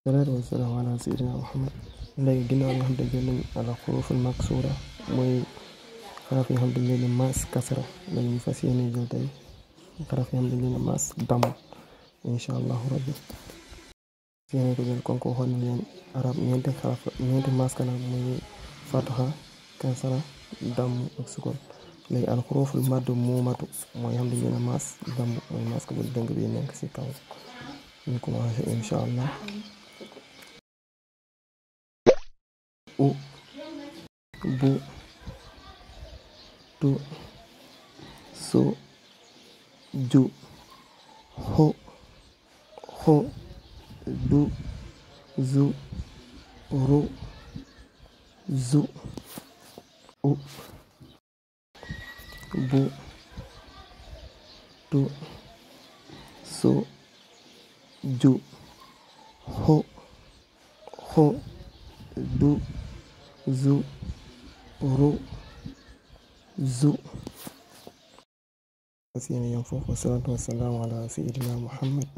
salaatu wasalaamu ala sayyidina mu léegi ginnaaw nga xam mooy xaraf yi xam ne leen xaraf yi xam ne leen muumatu mooy xam ne leen maas damm mooy maas ko bu dëng bi nekk si kaw ñu commencé incha allah u bu du su ju ho ho du zu ru zu u bu du su ju ho ho du zu ru zu asiyan yan foofu wasalaatu wasalaamu ala sayyidina muhammad